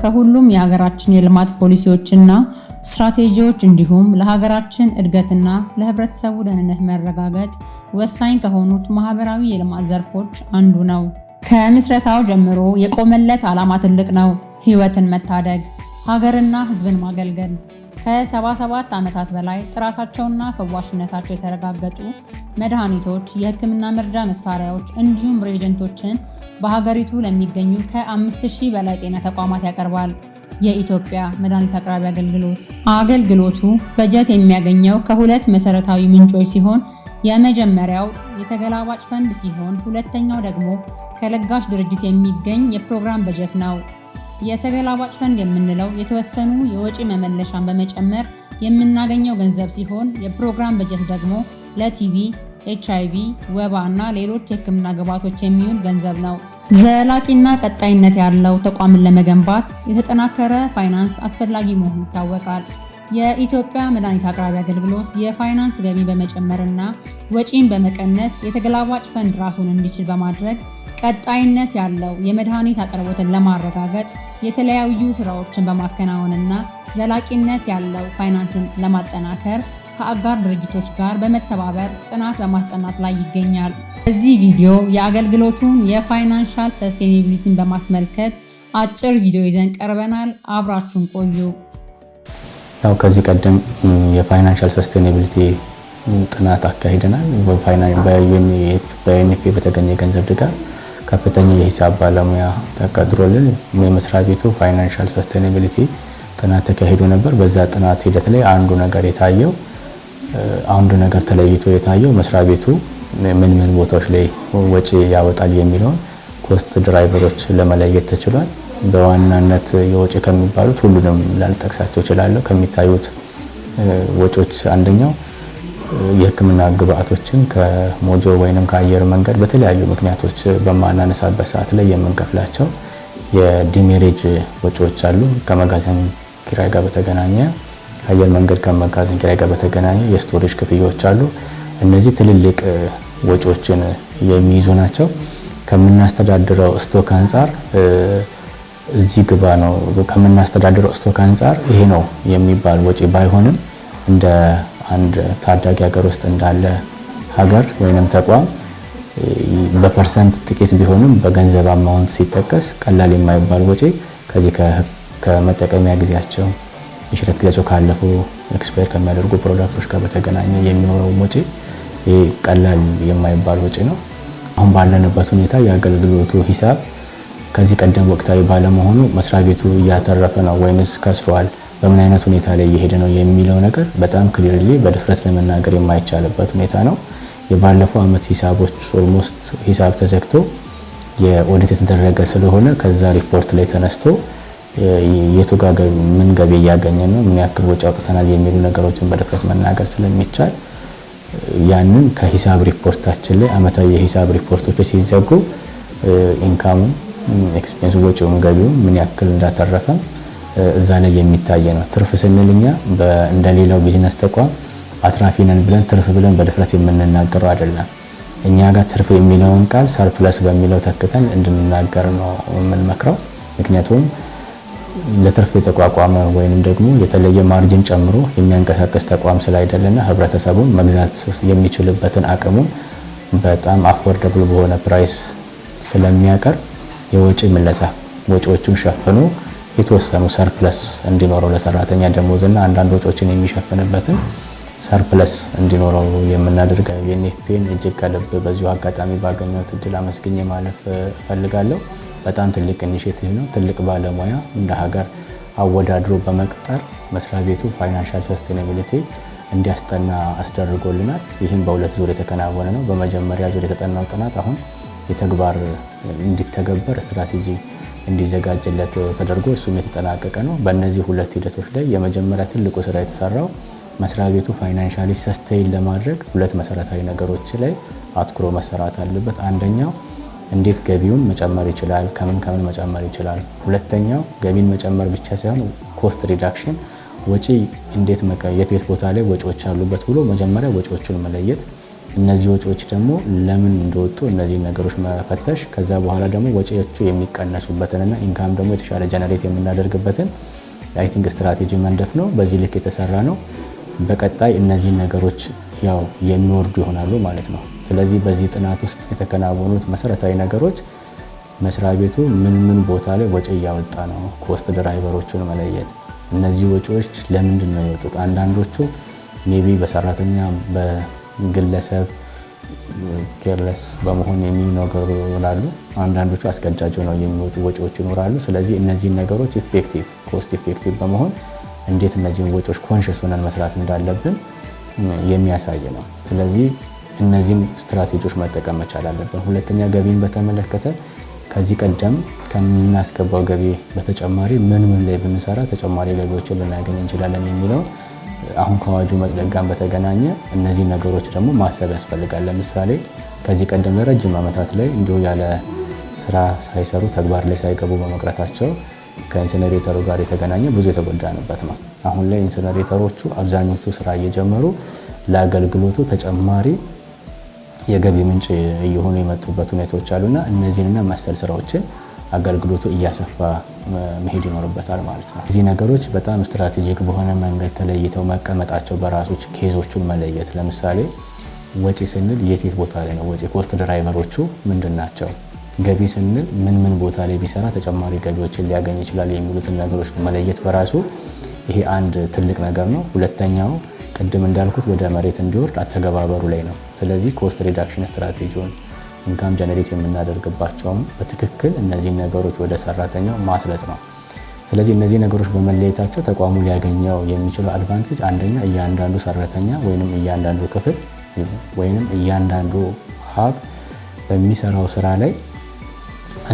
ከሁሉም የሀገራችን የልማት ፖሊሲዎችና ስትራቴጂዎች እንዲሁም ለሀገራችን እድገትና ለህብረተሰቡ ደህንነት መረጋገጥ ወሳኝ ከሆኑት ማህበራዊ የልማት ዘርፎች አንዱ ነው። ከምስረታው ጀምሮ የቆመለት ዓላማ ትልቅ ነው። ህይወትን መታደግ፣ ሀገርና ህዝብን ማገልገል ከ77 ዓመታት በላይ ጥራታቸውና ፈዋሽነታቸው የተረጋገጡ መድኃኒቶች፣ የህክምና መርጃ መሳሪያዎች እንዲሁም ሬጀንቶችን በሀገሪቱ ለሚገኙ ከ5000 በላይ ጤና ተቋማት ያቀርባል። የኢትዮጵያ መድኃኒት አቅራቢ አገልግሎት አገልግሎቱ በጀት የሚያገኘው ከሁለት መሰረታዊ ምንጮች ሲሆን የመጀመሪያው የተገላባጭ ፈንድ ሲሆን ሁለተኛው ደግሞ ከለጋሽ ድርጅት የሚገኝ የፕሮግራም በጀት ነው። የተገላባጭ ፈንድ የምንለው የተወሰኑ የወጪ መመለሻን በመጨመር የምናገኘው ገንዘብ ሲሆን የፕሮግራም በጀት ደግሞ ለቲቪ፣ ኤች አይቪ ወባ እና ሌሎች የህክምና ግባቶች የሚውል ገንዘብ ነው። ዘላቂና ቀጣይነት ያለው ተቋምን ለመገንባት የተጠናከረ ፋይናንስ አስፈላጊ መሆኑ ይታወቃል። የኢትዮጵያ መድኃኒት አቅራቢ አገልግሎት የፋይናንስ ገቢ በመጨመርና ወጪን በመቀነስ የተገላባጭ ፈንድ ራሱን እንዲችል በማድረግ ቀጣይነት ያለው የመድኃኒት አቅርቦትን ለማረጋገጥ የተለያዩ ስራዎችን በማከናወንና ዘላቂነት ያለው ፋይናንስን ለማጠናከር ከአጋር ድርጅቶች ጋር በመተባበር ጥናት በማስጠናት ላይ ይገኛል። በዚህ ቪዲዮ የአገልግሎቱን የፋይናንሻል ሰስቴኔቢሊቲን በማስመልከት አጭር ቪዲዮ ይዘን ቀርበናል። አብራችሁን ቆዩ። ያው ከዚህ ቀደም የፋይናንሻል ሰስቴኔቢሊቲ ጥናት አካሂደናል። በዩኤንኤፍ በተገኘ የገንዘብ ድጋፍ ከፍተኛ የሂሳብ ባለሙያ ተቀጥሮልን የመስሪያ ቤቱ ፋይናንሻል ሰስቴናቢሊቲ ጥናት ተካሂዶ ነበር። በዛ ጥናት ሂደት ላይ አንዱ ነገር የታየው አንዱ ነገር ተለይቶ የታየው መስሪያ ቤቱ ምን ምን ቦታዎች ላይ ወጪ ያወጣል የሚለውን ኮስት ድራይቨሮች ለመለየት ተችሏል። በዋናነት የወጪ ከሚባሉት ሁሉንም ላልጠቅሳቸው እችላለሁ። ከሚታዩት ወጪዎች አንደኛው የህክምና ግብአቶችን ከሞጆ ወይም ከአየር መንገድ በተለያዩ ምክንያቶች በማናነሳበት ሰዓት ላይ የምንከፍላቸው የዲሜሬጅ ወጪዎች አሉ። ከመጋዘን ኪራይ ጋር በተገናኘ ከአየር መንገድ ከመጋዘን ኪራይ ጋር በተገናኘ የስቶሬጅ ክፍያዎች አሉ። እነዚህ ትልልቅ ወጪዎችን የሚይዙ ናቸው። ከምናስተዳድረው ስቶክ አንጻር እዚህ ግባ ነው ከምናስተዳድረው ስቶክ አንጻር ይሄ ነው የሚባል ወጪ ባይሆንም እንደ አንድ ታዳጊ ሀገር ውስጥ እንዳለ ሀገር ወይንም ተቋም በፐርሰንት ጥቂት ቢሆንም በገንዘብ አማውንት ሲጠቀስ ቀላል የማይባል ወጪ ከዚህ ከመጠቀሚያ ጊዜያቸው የሽረት ጊዜያቸው ካለፉ ኤክስፓየር ከሚያደርጉ ፕሮዳክቶች ጋር በተገናኘ የሚኖረው ወጪ ቀላል የማይባል ወጪ ነው። አሁን ባለንበት ሁኔታ የአገልግሎቱ ሂሳብ ከዚህ ቀደም ወቅታዊ ባለመሆኑ መስሪያ ቤቱ እያተረፈ ነው ወይንስ ከስሯል በምን አይነት ሁኔታ ላይ እየሄደ ነው የሚለው ነገር በጣም ክሊርሊ በድፍረት ለመናገር የማይቻልበት ሁኔታ ነው። የባለፈው አመት ሂሳቦች ኦልሞስት ሂሳብ ተዘግቶ የኦዲት የተደረገ ስለሆነ ከዛ ሪፖርት ላይ ተነስቶ የቱ ጋር ምን ገቢ እያገኘ ነው፣ ምን ያክል ወጪ አውጥተናል የሚሉ ነገሮችን በድፍረት መናገር ስለሚቻል ያንን ከሂሳብ ሪፖርታችን ላይ አመታዊ የሂሳብ ሪፖርቶች ሲዘጉ ኢንካሙ፣ ኤክስፔንስ፣ ወጪውም ገቢውም ምን ያክል እንዳተረፈም እዛ ላይ የሚታይ ነው። ትርፍ ስንል እኛ እንደሌላው ቢዝነስ ተቋም አትራፊ ነን ብለን ትርፍ ብለን በድፍረት የምንናገረው አይደለም። እኛ ጋር ትርፍ የሚለውን ቃል ሰርፕለስ በሚለው ተክተን እንድንናገር ነው የምንመክረው። ምክንያቱም ለትርፍ የተቋቋመ ወይም ደግሞ የተለየ ማርጅን ጨምሮ የሚያንቀሳቀስ ተቋም ስላይደለና ህብረተሰቡን መግዛት የሚችልበትን አቅሙን በጣም አፎርደብል በሆነ ፕራይስ ስለሚያቀርብ የወጪ ምለሳ ወጪዎቹን ሸፍኖ የተወሰኑ ሰርፕለስ እንዲኖረው ለሰራተኛ ደሞዝና አንዳንድ ወጪዎችን የሚሸፍንበትን ሰርፕለስ እንዲኖረው የምናደርገው የኔፍፔን እጅግ ከልብ በዚሁ አጋጣሚ ባገኘሁት እድል አመስግኜ ማለፍ እፈልጋለሁ። በጣም ትልቅ ኢኒሽቲቭ ነው። ትልቅ ባለሙያ እንደ ሀገር አወዳድሮ በመቅጠር መስሪያ ቤቱ ፋይናንሻል ሰስቴናቢሊቲ እንዲያስጠና አስደርጎልናል። ይህም በሁለት ዙር የተከናወነ ነው። በመጀመሪያ ዙር የተጠናው ጥናት አሁን የተግባር እንዲተገበር ስትራቴጂ እንዲዘጋጅለት ተደርጎ እሱም የተጠናቀቀ ነው። በእነዚህ ሁለት ሂደቶች ላይ የመጀመሪያ ትልቁ ስራ የተሰራው መስሪያ ቤቱ ፋይናንሻሊ ሰስቴይን ለማድረግ ሁለት መሰረታዊ ነገሮች ላይ አትኩሮ መሰራት አለበት። አንደኛው እንዴት ገቢውን መጨመር ይችላል፣ ከምን ከምን መጨመር ይችላል። ሁለተኛው ገቢን መጨመር ብቻ ሳይሆን ኮስት ሪዳክሽን፣ ወጪ እንዴት የት ቦታ ላይ ወጪዎች አሉበት ብሎ መጀመሪያ ወጪዎቹን መለየት እነዚህ ወጪዎች ደግሞ ለምን እንደወጡ እነዚህን ነገሮች መፈተሽ፣ ከዛ በኋላ ደግሞ ወጪዎቹ የሚቀነሱበትንና ኢንካም ደግሞ የተሻለ ጀነሬት የምናደርግበትን ላይቲንግ ስትራቴጂ መንደፍ ነው። በዚህ ልክ የተሰራ ነው። በቀጣይ እነዚህን ነገሮች ያው የሚወርዱ ይሆናሉ ማለት ነው። ስለዚህ በዚህ ጥናት ውስጥ የተከናወኑት መሰረታዊ ነገሮች መስሪያ ቤቱ ምን ምን ቦታ ላይ ወጪ እያወጣ ነው፣ ኮስት ድራይቨሮቹን መለየት። እነዚህ ወጪዎች ለምንድን ነው የወጡት? አንዳንዶቹ ሜቢ በሰራተኛ ግለሰብ ኬርለስ በመሆን የሚነገሩ ይኖራሉ። አንዳንዶቹ አስገዳጅ ነው የሚወጡ ወጪዎች ይኖራሉ። ስለዚህ እነዚህን ነገሮች ኢፌክቲቭ ኮስት ኢፌክቲቭ በመሆን እንዴት እነዚህን ወጪዎች ኮንሽስ ሆነን መስራት እንዳለብን የሚያሳይ ነው። ስለዚህ እነዚህን ስትራቴጂዎች መጠቀም መቻል አለብን። ሁለተኛ ገቢን በተመለከተ ከዚህ ቀደም ከምናስገባው ገቢ በተጨማሪ ምን ምን ላይ ብንሰራ ተጨማሪ ገቢዎችን ልናገኝ እንችላለን የሚለውን አሁን ከአዋጁ መጽደቅ ጋር በተገናኘ እነዚህ ነገሮች ደግሞ ማሰብ ያስፈልጋል። ለምሳሌ ከዚህ ቀደም ለረጅም ዓመታት ላይ እንዲሁ ያለ ስራ ሳይሰሩ ተግባር ላይ ሳይገቡ በመቅረታቸው ከኢንሲነሬተሩ ጋር የተገናኘ ብዙ የተጎዳንበት ነው። አሁን ላይ ኢንሲነሬተሮቹ አብዛኞቹ ስራ እየጀመሩ ለአገልግሎቱ ተጨማሪ የገቢ ምንጭ እየሆኑ የመጡበት ሁኔታዎች አሉና እነዚህንና መሰል ስራዎችን አገልግሎቱ እያሰፋ መሄድ ይኖርበታል ማለት ነው። እዚህ ነገሮች በጣም ስትራቴጂክ በሆነ መንገድ ተለይተው መቀመጣቸው በራሶች ኬዞቹን መለየት ለምሳሌ ወጪ ስንል የት የት ቦታ ላይ ነው ወጪ፣ ኮስት ድራይቨሮቹ ምንድን ናቸው፣ ገቢ ስንል ምን ምን ቦታ ላይ ቢሰራ ተጨማሪ ገቢዎችን ሊያገኝ ይችላል የሚሉትን ነገሮች መለየት በራሱ ይሄ አንድ ትልቅ ነገር ነው። ሁለተኛው ቅድም እንዳልኩት ወደ መሬት እንዲወርድ አተገባበሩ ላይ ነው። ስለዚህ ኮስት ሪዳክሽን ስትራቴጂውን ኢንካም ጀነሬት የምናደርግባቸውም በትክክል እነዚህን ነገሮች ወደ ሰራተኛው ማስለጥ ነው። ስለዚህ እነዚህ ነገሮች በመለየታቸው ተቋሙ ሊያገኘው የሚችለው አድቫንቴጅ አንደኛ እያንዳንዱ ሰራተኛ ወይም እያንዳንዱ ክፍል ወይም እያንዳንዱ ሀብ በሚሰራው ስራ ላይ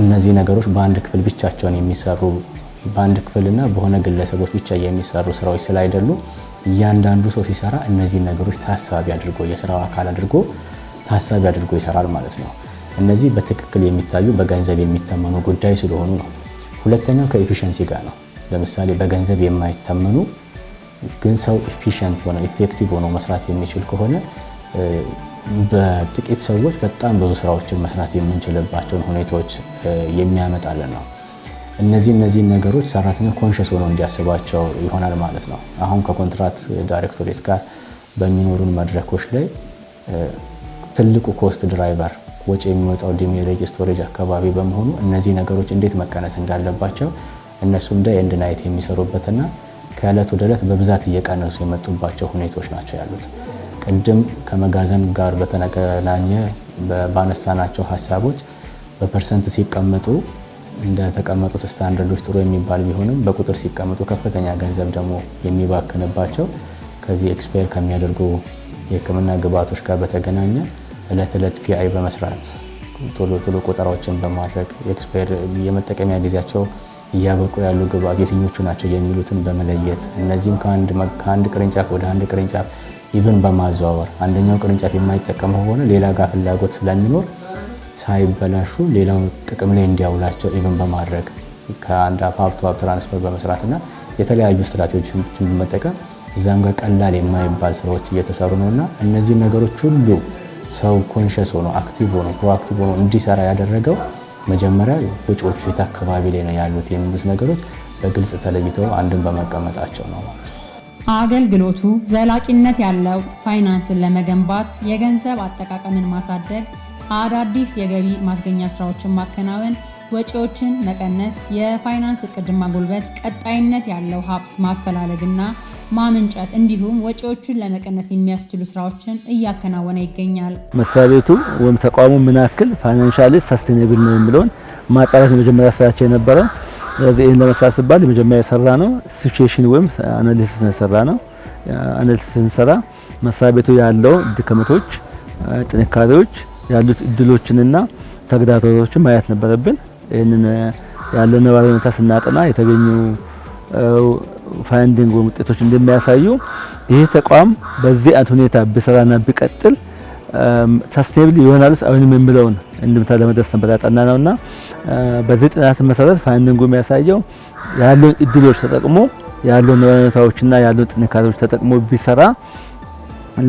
እነዚህ ነገሮች በአንድ ክፍል ብቻቸውን የሚሰሩ በአንድ ክፍልና በሆነ ግለሰቦች ብቻ የሚሰሩ ስራዎች ስላይደሉ እያንዳንዱ ሰው ሲሰራ እነዚህ ነገሮች ታሳቢ አድርጎ የስራው አካል አድርጎ ታሳቢ አድርጎ ይሰራል ማለት ነው። እነዚህ በትክክል የሚታዩ በገንዘብ የሚተመኑ ጉዳይ ስለሆኑ ነው። ሁለተኛው ከኤፊሽንሲ ጋር ነው። ለምሳሌ በገንዘብ የማይተመኑ ግን ሰው ኤፊሽንት ሆነ ኢፌክቲቭ ሆኖ መስራት የሚችል ከሆነ በጥቂት ሰዎች በጣም ብዙ ስራዎችን መስራት የምንችልባቸውን ሁኔታዎች የሚያመጣልን ነው። እነዚህ እነዚህ ነገሮች ሰራተኛ ኮንሽስ ሆኖ እንዲያስባቸው ይሆናል ማለት ነው። አሁን ከኮንትራት ዳይሬክቶሬት ጋር በሚኖሩን መድረኮች ላይ ትልቁ ኮስት ድራይቨር ወጪ የሚወጣው ዲሜሬጅ ስቶሬጅ አካባቢ በመሆኑ እነዚህ ነገሮች እንዴት መቀነስ እንዳለባቸው እነሱም ደ ኤንድ ናይት የሚሰሩበትና ከዕለት ወደ ዕለት በብዛት እየቀነሱ የመጡባቸው ሁኔታዎች ናቸው ያሉት። ቅድም ከመጋዘን ጋር በተገናኘ ባነሳናቸው ሀሳቦች በፐርሰንት ሲቀመጡ እንደተቀመጡት ስታንዳርዶች ጥሩ የሚባል ቢሆንም በቁጥር ሲቀመጡ ከፍተኛ ገንዘብ ደግሞ የሚባክንባቸው ከዚህ ኤክስፓየር ከሚያደርጉ የሕክምና ግብዓቶች ጋር በተገናኘ እለት እለት ፒአይ በመስራት ቶሎ ቶሎ ቆጠራዎችን በማድረግ ኤክስፓየር የመጠቀሚያ ጊዜያቸው እያበቁ ያሉ ግብአት የትኞቹ ናቸው የሚሉትን በመለየት እነዚህም ከአንድ ቅርንጫፍ ወደ አንድ ቅርንጫፍ ኢቨን በማዘዋወር አንደኛው ቅርንጫፍ የማይጠቀም ከሆነ ሌላ ጋር ፍላጎት ስለሚኖር ሳይበላሹ ሌላው ጥቅም ላይ እንዲያውላቸው ኢቨን በማድረግ ከአንድ ቱ ሀብ ትራንስፈር በመስራትና የተለያዩ ስትራቴጂዎችን በመጠቀም እዛም ጋር ቀላል የማይባል ስራዎች እየተሰሩ ነው እና እነዚህ ነገሮች ሁሉ ሰው ኮንሸስ ሆኖ አክቲቭ ሆኖ ፕሮአክቲቭ ሆኖ እንዲሰራ ያደረገው መጀመሪያ ወጪዎቹ የት አካባቢ ላይ ነው ያሉት የሚሉት ነገሮች በግልጽ ተለይተው አንድን በመቀመጣቸው ነው ማለት ነው። አገልግሎቱ ዘላቂነት ያለው ፋይናንስን ለመገንባት የገንዘብ አጠቃቀምን ማሳደግ፣ አዳዲስ የገቢ ማስገኛ ስራዎችን ማከናወን፣ ወጪዎችን መቀነስ፣ የፋይናንስ እቅድ ማጎልበት፣ ቀጣይነት ያለው ሀብት ማፈላለግና ማመንጨት እንዲሁም ወጪዎቹን ለመቀነስ የሚያስችሉ ስራዎችን እያከናወነ ይገኛል። መስሪያ ቤቱ ወይም ተቋሙ ምን ያክል ፋይናንሻሊ ሳስቴኔብል ነው የሚለውን ማጣራት የመጀመሪያ ስራቸው የነበረ። ስለዚህ ይህን ለመስራት ሲባል የመጀመሪያ የሰራ ነው ሲቹዌሽን ወይም አናሊሲስ ነው የሰራ ነው። አናሊሲስ ስንሰራ መስሪያ ቤቱ ያለው ድክመቶች፣ ጥንካሬዎች፣ ያሉት እድሎችንና ተግዳሮቶችን ማየት ነበረብን። ይህንን ያለው ነባራዊ ሁኔታ ስናጠና የተገኙ ፋይንዲንግ ወይም ውጤቶች እንደሚያሳዩ ይህ ተቋም በዚህ አይነት ሁኔታ ቢሰራና ቢቀጥል ሰስቴብል ይሆናልስ አሁንም የምለውን እንድምታ ለመድረስ ነበር ነውና በዚህ ጥናት መሰረት ፋይንዲንጉ የሚያሳየው ያለውን እድሎች ተጠቅሞ ያለውን ሁኔታዎችና ያለውን ጥንካሬዎች ተጠቅሞ ቢሰራ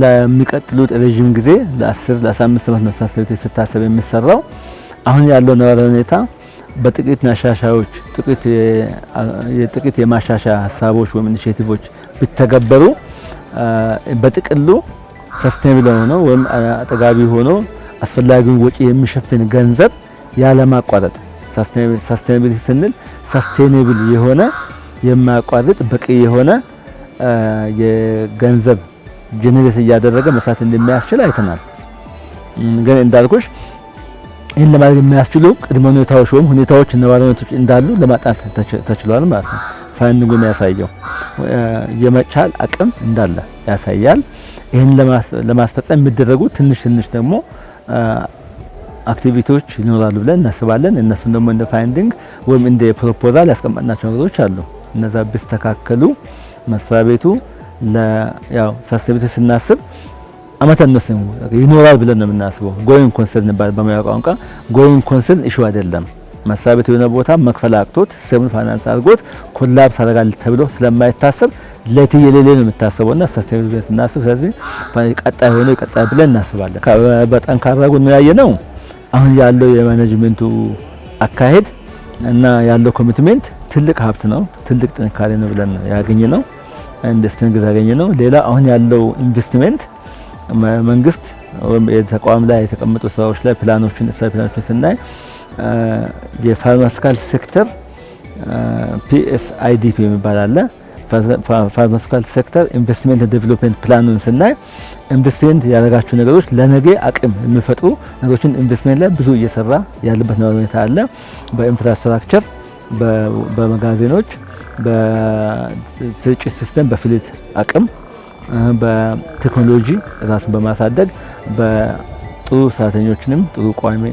ለሚቀጥሉት ረዥም ጊዜ ለ10 ለ15 ዓመት ነው ሳስቴብል ስታሰብ የሚሰራው አሁን ያለው ነባራዊ ሁኔታ በጥቂት ማሻሻያዎች ጥቂት የጥቂት የማሻሻያ ሀሳቦች ወይም ኢኒሼቲቮች ቢተገበሩ በጥቅሉ ሰስቴብል ሆኖ ወይም አጠጋቢ ሆኖ አስፈላጊውን ወጪ የሚሸፍን ገንዘብ ያለማቋረጥ ሰስቴናብል ስንል ሰስቴናብል የሆነ የማያቋርጥ በቂ የሆነ የገንዘብ ጀነሬት እያደረገ መስራት እንደሚያስችል አይተናል። ግን እንዳልኩሽ ይህን ለማድረግ የሚያስችሉ ቅድመ ሁኔታዎች ወይም ሁኔታዎች ነባራዊ ሁኔታዎች እንዳሉ ለማጥናት ተችሏል ማለት ነው። ፋይንዲንጉ የሚያሳየው የመቻል አቅም እንዳለ ያሳያል። ይህን ለማስፈጸም የሚደረጉ ትንሽ ትንሽ ደግሞ አክቲቪቲዎች ይኖራሉ ብለን እናስባለን። እነሱም ደግሞ እንደ ፋይንዲንግ ወይም እንደ ፕሮፖዛል ያስቀመጥናቸው ነገሮች አሉ። እነዛ ቢስተካከሉ መስሪያ ቤቱ ያው ሳስቤት ስናስብ አመተነስ ይኖራል ብለን ነው የምናስበው። ጎይን ኮንሰል ይባላል በሙያ ቋንቋ። ጎይን ኮንሰርን ኢሹ አይደለም። መስሪያ ቤት የሆነ ቦታ መክፈል አቅቶት ሲስተሙን ፋይናንስ አድርጎት ኮላፕስ አደርጋል ተብሎ ስለማይታሰብ ለትየሌሌ ነው የምታሰበውና ሰስተይብል ብለን ስናስብ፣ ስለዚህ ቀጣይ ሆኖ ቀጣይ ብለን እናስባለን። በጠንካራ ጎን ያየ ነው አሁን ያለው የማኔጅመንቱ አካሄድ እና ያለው ኮሚትሜንት ትልቅ ሀብት ነው፣ ትልቅ ጥንካሬ ነው ብለን ያገኘ ነው፣ እንደ ያገኘ ነው። ሌላ አሁን ያለው ኢንቨስትመንት መንግስት ተቋም ላይ የተቀመጡ ስራዎች ላይ ፕላኖችን ስራ ፕላኖችን ስናይ የፋርማስካል ሴክተር ፒኤስአይዲፒ የሚባል አለ። ፋርማስካል ሴክተር ኢንቨስትመንት ዴቨሎፕመንት ፕላኑን ስናይ ኢንቨስትመንት ያደረጋቸው ነገሮች ለነገ አቅም የሚፈጥሩ ነገሮችን ኢንቨስትመንት ላይ ብዙ እየሰራ ያለበት ነባር ሁኔታ አለ። በኢንፍራስትራክቸር፣ በመጋዘኖች፣ በስርጭት ሲስተም፣ በፍሊት አቅም በቴክኖሎጂ ራስን በማሳደግ በጥሩ ሰራተኞችንም ጥሩ ቋሚ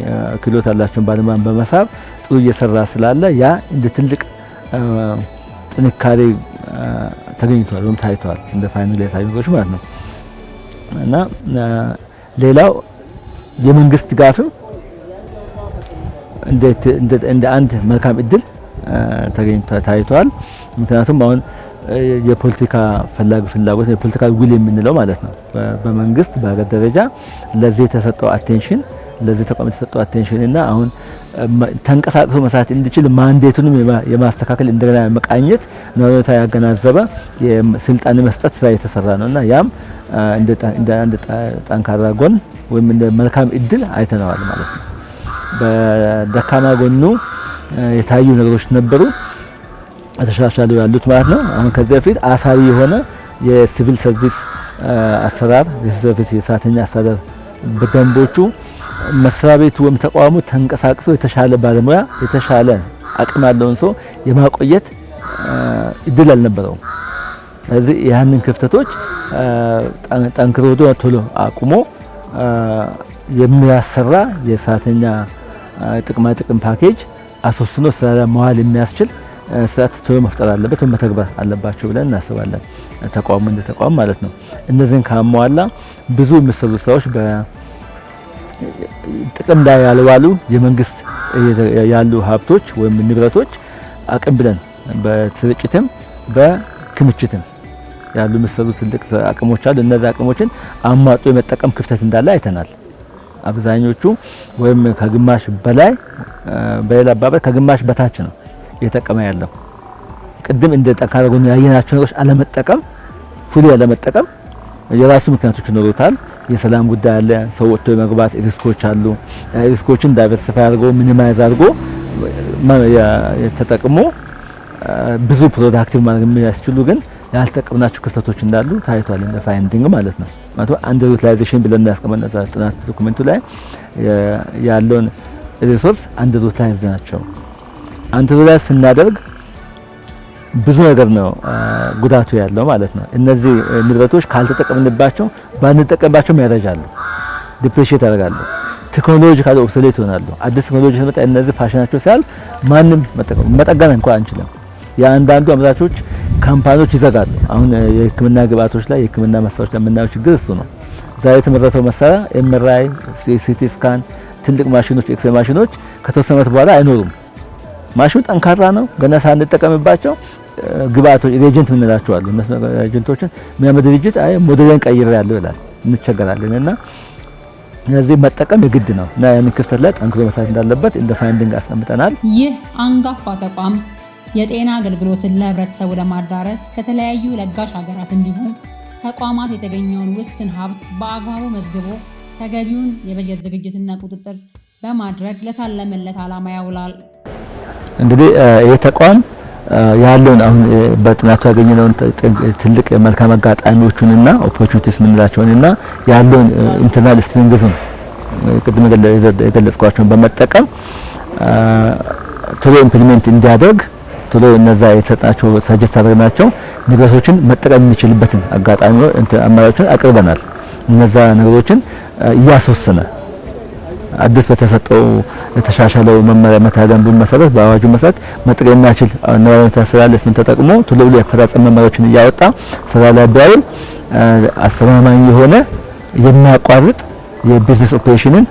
ክህሎት ያላቸውን ባለሙያን በመሳብ ጥሩ እየሰራ ስላለ ያ እንደ ትልቅ ጥንካሬ ተገኝቷል ወይም ታይቷል እንደ ፋይናል ያሳዩቶች ማለት ነው እና ሌላው የመንግስት ድጋፍም እንደ አንድ መልካም እድል ተገኝቷል ታይቷል። ምክንያቱም አሁን የፖለቲካ ፍላጎት የፖለቲካ ውል የምንለው ማለት ነው። በመንግስት በሀገር ደረጃ ለዚህ የተሰጠው አቴንሽን ለዚህ ተቋም የተሰጠው አቴንሽን እና አሁን ተንቀሳቅሶ መስራት እንዲችል ማንዴቱንም የማስተካከል እንደገና መቃኘት ነታ ያገናዘበ የስልጣን መስጠት ስራ የተሰራ ነው እና ያም እንደ አንድ ጠንካራ ጎን ወይም እንደ መልካም እድል አይተነዋል ማለት ነው። በደካማ ጎኑ የታዩ ነገሮች ነበሩ። ተሻሻሉ ያሉት ማለት ነው። አሁን ከዚህ በፊት አሳሪ የሆነ የሲቪል ሰርቪስ አሰራር የሲቪል ሰርቪስ የሰራተኛ አስተዳደር በደንቦቹ መስሪያ ቤቱ ወይም ተቋሙ ተንቀሳቅሶ የተሻለ ባለሙያ የተሻለ አቅም ያለውን ሰው የማቆየት እድል አልነበረውም። ስለዚህ ያንን ክፍተቶች ጠንክሮ ቶሎ አቁሞ የሚያሰራ የሰራተኛ ጥቅማ ጥቅም ፓኬጅ አስወስኖ ስራ መዋል የሚያስችል ስርዓት ትብብር መፍጠር አለበት ወይም መተግበር አለባቸው ብለን እናስባለን። ተቋሙ እንደ ተቋም ማለት ነው። እነዚህን ካሟላ ብዙ የሚሰሩ ስራዎች ጥቅም ላይ ያልዋሉ የመንግስት ያሉ ሀብቶች ወይም ንብረቶች አቅም ብለን በስርጭትም በክምችትም ያሉ የሚሰሩ ትልቅ አቅሞች አሉ። እነዚህ አቅሞችን አሟጦ የመጠቀም ክፍተት እንዳለ አይተናል። አብዛኞቹ ወይም ከግማሽ በላይ በሌላ አባባል ከግማሽ በታች ነው እየጠቀመ ያለው። ቅድም እንደ ጠንካራ ጎን ያየናቸው ነገሮች አለመጠቀም፣ ፉሊ ያለመጠቀም የራሱ ምክንያቶች ይኖሩታል። የሰላም ጉዳይ አለ፣ ሰው ወጥቶ የመግባት ሪስኮች አሉ። ሪስኮችን ዳይቨርሲፋይ አድርጎ ሚኒማይዝ አድርጎ ተጠቅሞ ብዙ ፕሮዳክቲቭ ማድረግ የሚያስችሉ ግን ያልጠቀምናቸው ክፍተቶች እንዳሉ ታይቷል፣ እንደ ፋይንዲንግ ማለት ነው። ማለት አንደር ዩቲላይዜሽን ብለን ያስቀመጥነው ጥናት ዶክመንቱ ላይ ያለውን ሪሶርስ አንደር ዩቲላይዝ ናቸው። አንቲዶላስ ስናደርግ ብዙ ነገር ነው ጉዳቱ ያለው ማለት ነው። እነዚህ ንብረቶች ካልተጠቀምንባቸው ባንጠቀምባቸውም ያረጃሉ፣ ዲፕሬሽን ያደርጋሉ። ቴክኖሎጂ ካለ ኦብሶሌት ይሆናሉ። አዲስ ቴክኖሎጂ ሲመጣ እነዚህ ፋሽናቸው ሲያል ማንም መጠቀም መጠገን እንኳን አንችልም። የአንዳንዱ አምራቾች ካምፓኒዎች ይዘጋሉ። አሁን የህክምና ግብአቶች ላይ የህክምና መሳሪያዎች ላይ የምናየው ችግር እሱ ነው። ዛሬ የተመረተው መሳሪያ ኤምራይ፣ ሲቲ ስካን፣ ትልቅ ማሽኖች፣ ኤክስሬ ማሽኖች ከተወሰነ በኋላ አይኖሩም። ማሽኑ ጠንካራ ነው። ገና ሳንጠቀምባቸው ግብአቶች ኤጀንት የምንላቸው አሉ። ኤጀንቶችን የሚያመ ድርጅት አይ ሞዴልን ቀይር ይላል እንቸገራለን እና ስለዚህ መጠቀም የግድ ነው እና ያንን ክፍተት ላይ ጠንክሮ መስራት እንዳለበት እንደ ፋይንዲንግ አስቀምጠናል። ይህ አንጋፋ ተቋም የጤና አገልግሎትን ለህብረተሰቡ ለማዳረስ ከተለያዩ ለጋሽ ሀገራት እንዲሁም ተቋማት የተገኘውን ውስን ሀብት በአግባቡ መዝግቦ ተገቢውን የበጀት ዝግጅትና ቁጥጥር በማድረግ ለታለመለት ዓላማ ያውላል። እንግዲህ ይህ ተቋም ያለውን አሁን በጥናቱ ያገኘነውን ትልቅ መልካም አጋጣሚዎቹንና ኦፖርቹኒቲስ የምንላቸውንና ያለውን ኢንተርናል ስትሪንግዝ ነው ቅድም የገለጽኳቸውን በመጠቀም ቶሎ ኢምፕሊመንት እንዲያደርግ ቶሎ እነዛ የተሰጣቸው ሰጀስት አድርገናቸው ንብረቶችን መጠቀም የሚችልበትን አጋጣሚ አማራጮችን አቅርበናል። እነዛ ነገሮችን እያስወሰነ አዲስ በተሰጠው የተሻሻለው መመሪያ መተዳደሪያ ደንቡ መሰረት በአዋጁ መሰረት መጠቀም የሚያችል ነባራዊ ሁኔታ ስላለ እሱን ተጠቅሞ ቶሎ ብሎ የአፈጻጸም መመሪያዎችን እያወጣ ስራ ላይ ቢያውል አስተማማኝ የሆነ የሚያቋርጥ የቢዝነስ ኦፕሬሽንን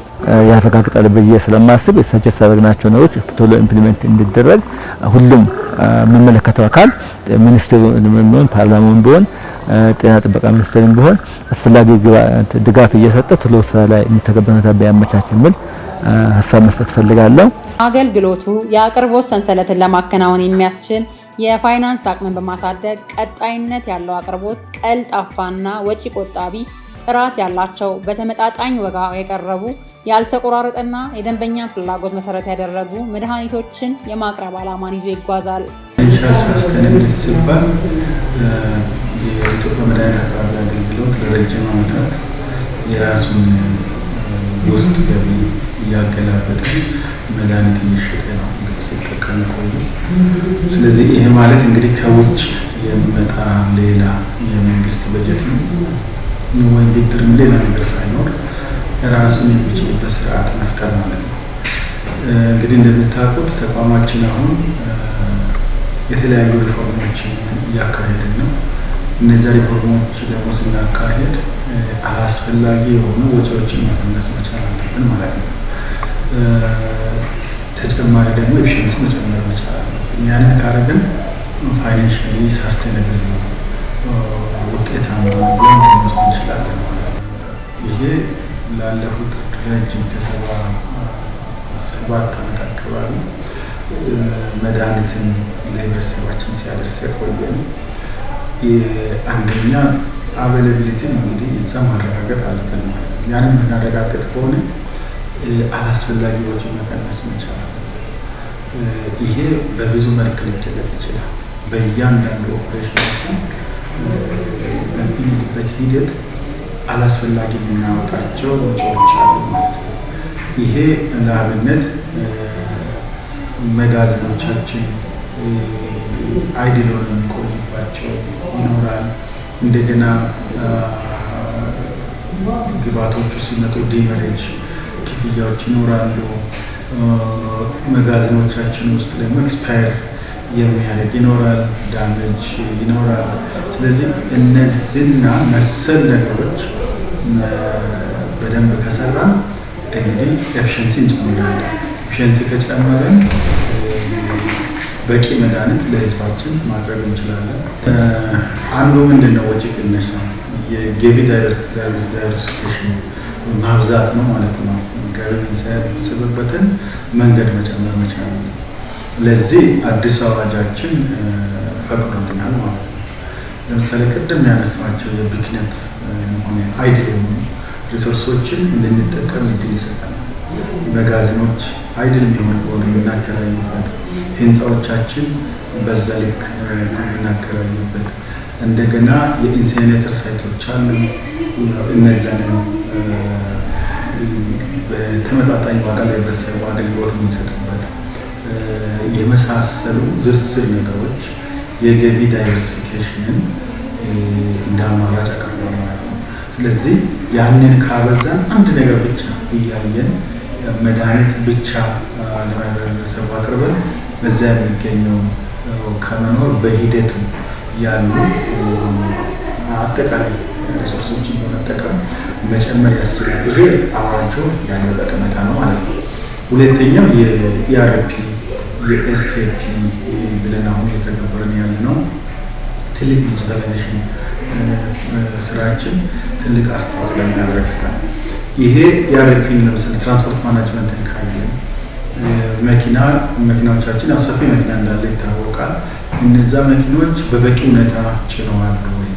ያረጋግጣል ብዬ ስለማስብ ሰጀስት ያደረግናቸው ነገሮች ቶሎ ኢምፕሊመንት እንዲደረግ ሁሉም የሚመለከተው አካል ሚኒስትሩ ቢሆን ፓርላማውን ቢሆን ጤና ጥበቃ ሚኒስቴርም ቢሆን አስፈላጊ ድጋፍ እየሰጠ ቶሎ ስራ ላይ የሚተገበረበት ሁኔታ ቢያመቻች የሚል ሀሳብ መስጠት ፈልጋለሁ። አገልግሎቱ የአቅርቦት ሰንሰለትን ለማከናወን የሚያስችል የፋይናንስ አቅምን በማሳደግ ቀጣይነት ያለው አቅርቦት፣ ቀልጣፋና ወጪ ቆጣቢ፣ ጥራት ያላቸው በተመጣጣኝ ዋጋ የቀረቡ ያልተቆራረጠና የደንበኛን ፍላጎት መሰረት ያደረጉ መድኃኒቶችን የማቅረብ ዓላማን ይዞ ይጓዛል። የኢትዮጵያ መድኃኒት አቅራቢ አገልግሎት ለረጅም ዓመታት የራሱን ውስጥ ገቢ እያገላበጠ መድኃኒት እየሸጠ ነው እንግዲህ ሲጠቀም ቆዩ። ስለዚህ ይሄ ማለት እንግዲህ ከውጭ የሚመጣ ሌላ የመንግስት በጀት ነው ወይም ብድርም ሌላ ነገር ሳይኖር ራሱን የሚችልበት ስርዓት መፍጠር ማለት ነው። እንግዲህ እንደምታውቁት ተቋማችን አሁን የተለያዩ ሪፎርሞችን እያካሄድን ነው። እነዚያ ሪፎርሞች ደግሞ ስናካሄድ አላስፈላጊ የሆኑ ወጪዎችን መቀነስ መቻል አለብን ማለት ነው። ተጨማሪ ደግሞ ኤፊሽንሲ መጨመር መቻል አለብን። ያንን ካረግን ፋይናንሽሊ ሳስቴነብል ነው ውጤታማ ብለን መወሰድ እንችላለን ማለት ነው። ይሄ ላለፉት ረጅም ከሰባ ሰባት ዓመት አካባቢ መድኃኒትን ለህብረተሰባችን ሲያደርስ የቆየ ነው። አንደኛ አቬላብሊቲን እንግዲህ እዛ ማረጋገጥ አለብን ማለት ነው። ያንን የምናረጋግጥ ከሆነ አላስፈላጊ ወጪ መቀነስ መቻል ይሄ በብዙ መልክ ሊገለጥ ይችላል። በእያንዳንዱ ኦፕሬሽናችን በሚሄድበት ሂደት አላስፈላጊ የምናወጣቸው ወጪዎች አሉ ማለት ነው። ይሄ ለአብነት መጋዘኖቻችን አይድል ሆነ የሚቆይባቸው ይኖራል። እንደገና ግባቶቹ ሲመጡ ዲመሬጅ ክፍያዎች ይኖራሉ። መጋዘኖቻችን ውስጥ ደግሞ ኤክስፓየር የሚያደርግ ይኖራል፣ ዳሜጅ ይኖራል። ስለዚህ እነዚህና መሰል ነገሮች በደንብ ከሰራን እንግዲህ ኤፊሽንሲ እንጨምራለን። ኤፊሽንሲ ከጨመረን በቂ መድኃኒት ለህዝባችን ማቅረብ እንችላለን። አንዱ ምንድን ነው ወጪ ቅነሳ የገቢ ዳይቨርሲፊኬሽን ማብዛት ነው ማለት ነው። ገቢ የሚሰበበትን መንገድ መጨመር መቻል ነው። ለዚህ አዲሱ አዋጃችን ፈቅዶልናል ማለት ነው። ለምሳሌ ቅድም ያነሳቸው የብክነት ሆነ አይድል የሆኑ ሪሶርሶችን እንድንጠቀም እድል ይሰጣል። መጋዘኖች አይድል የሚሆን ሆነ የምናከራይበት ህንፃዎቻችን በዛ ልክ የምናከራይበት እንደገና የኢንሴኔተር ሳይቶች አሉ። እነዛንም በተመጣጣኝ ዋጋ ለህብረተሰቡ አገልግሎት የምንሰጥበት የመሳሰሉ ዝርዝር ነገሮች የገቢ ዳይቨርሲፊኬሽንን እንደ አማራጭ አቅርቧል ማለት ነው። ስለዚህ ያንን ካበዛን አንድ ነገር ብቻ እያየን መድኃኒት ብቻ ለማህበረሰቡ አቅርበን በዛ የሚገኘው ከመኖር በሂደት ያሉ አጠቃላይ ሪሶርሶችን በመጠቀም መጨመር ያስችላል። ይሄ አብራቸው ያለው ጠቀሜታ ነው ማለት ነው። ሁለተኛው የኢአርፒ የኤስኤፒ ብለን አሁን የተገበርን ያለ ነው። ትልቅ ዲጂታላይዜሽን ስራችን ትልቅ አስተዋጽኦ ለሚያበረክታል። ይሄ ኢአርፒን ለምሳሌ ትራንስፖርት ማናጅመንትን ካየን መኪና መኪናዎቻችን አሰፊ መኪና እንዳለ ይታወቃል። እነዛ መኪኖች በበቂ ሁኔታ ጭነዋል ወይ፣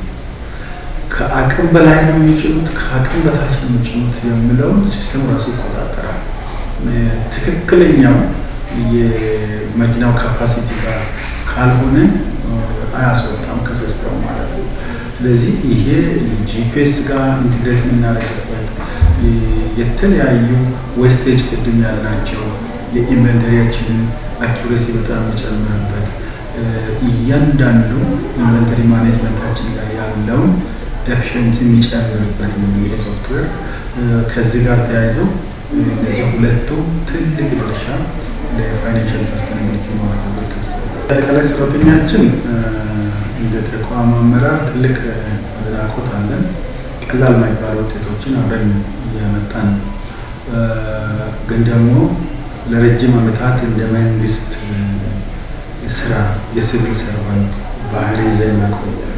ከአቅም በላይ ነው የሚጭኑት፣ ከአቅም በታች ነው የሚጭኑት የሚለውን ሲስተሙ ራሱ ይቆጣጠራል። ትክክለኛው የመኪናው ካፓሲቲ ጋር ካልሆነ አያስወጣም ከሲስተሙ ማለት ነው። ስለዚህ ይሄ ጂፒኤስ ጋር ኢንትግሬት የምናደርግበት የተለያዩ ዌስቴጅ ቅድም ያልናቸው የኢንቨንተሪያችንን አኪሬሲ በጣም መጨመርበት እያንዳንዱ ኢንቨንተሪ ማኔጅመንታችን ላይ ያለውን ኤፊሽንሲ የሚጨምርበት ነው ይሄ ሶፍትዌር። ከዚህ ጋር ተያይዘው እነዚህ ሁለቱ ትልቅ ድርሻ ለፋይናንሽል ሰስተናብሊቲ ማለት ነው ታስባል። አጠቃላይ ሰራተኛችን እንደ ተቋም አመራር ትልቅ አድናቆት አለን። ቀላል የማይባሉ ውጤቶችን አብረን እያመጣን ግን ደግሞ ለረጅም ዓመታት እንደ መንግስት ስራ የሲቪል ሰርቫንት ባህሪ ይዘን ቆይተናል።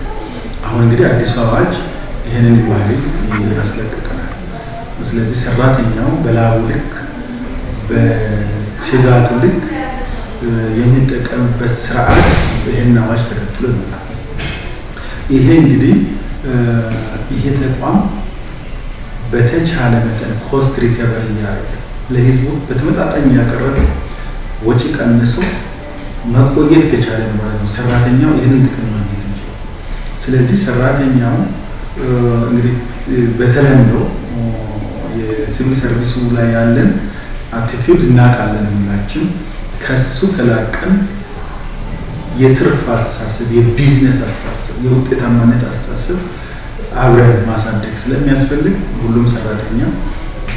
አሁን እንግዲህ አዲሱ አዋጅ ይህንን ባህሪ ያስለቅቀናል። ስለዚህ ሰራተኛው በላቡ ልክ በትጋቱ ልክ የሚጠቀምበት ስርዓት ይህን አዋጅ ተከትሎ ይመጣል። ይሄ እንግዲህ ይሄ ተቋም በተቻለ መጠን ኮስት ሪከቨር እያደረገ ለህዝቡ በተመጣጣኝ ያቀረበ ወጪ ቀንሶ መቆየት ከቻለ ማለት ነው ሰራተኛው ይህንን ጥቅም ማግኘት እንችላል። ስለዚህ ሰራተኛው እንግዲህ በተለምዶ የሲቪል ሰርቪሱ ላይ ያለን አቲቲዩድ እናውቃለን ሁላችን። ከሱ ተላቀን የትርፍ አስተሳሰብ፣ የቢዝነስ አስተሳሰብ፣ የውጤታማነት አስተሳሰብ አብረን ማሳደግ ስለሚያስፈልግ ሁሉም ሰራተኛ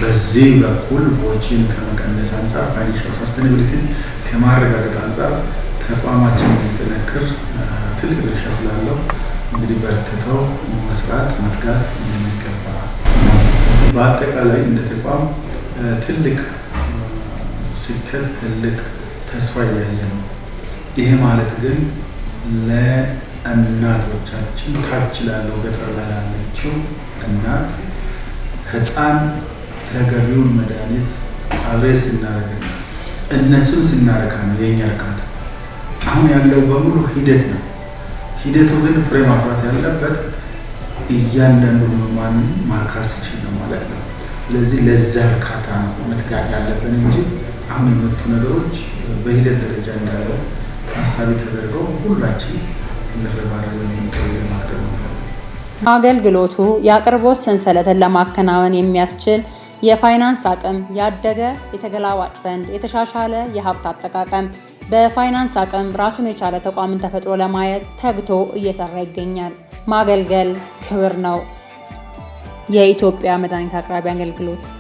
በዚህ በኩል ወጪን ከመቀነስ አንጻር ፋይናንሻል ሳስቴናብሊቲን ከማረጋገጥ አንጻር ተቋማችን እንዲጠነክር ትልቅ ድርሻ ስላለው እንግዲህ በርትተው መስራት መትጋት እንደሚገባ በአጠቃላይ እንደ ተቋም ትልቅ ስኬት ትልቅ ተስፋ እያየ ነው። ይሄ ማለት ግን ለእናቶቻችን ታች ላለው ገጠር ላይ ላለችው እናት ህፃን ተገቢውን መድኃኒት አድሬስ ስናደርግ እነሱን ስናረካ ነው የእኛ እርካታ። አሁን ያለው በሙሉ ሂደት ነው። ሂደቱ ግን ፍሬ ማፍራት ያለበት እያንዳንዱ ህሙማንን ማርካስ ሲችል ማለት ነው። ስለዚህ ለዛ እርካታ መትጋት ያለብን እንጂ አሁን የመጡ ነገሮች በሂደት ደረጃ እንዳለ ታሳቢ ተደርገው ሁላችን እንረባረብ የሚጠው ነው። አገልግሎቱ የአቅርቦት ሰንሰለትን ለማከናወን የሚያስችል የፋይናንስ አቅም ያደገ የተገላዋጭ ፈንድ የተሻሻለ የሀብት አጠቃቀም በፋይናንስ አቅም ራሱን የቻለ ተቋምን ተፈጥሮ ለማየት ተግቶ እየሰራ ይገኛል። ማገልገል ክብር ነው። የኢትዮጵያ መድኃኒት አቅራቢ አገልግሎት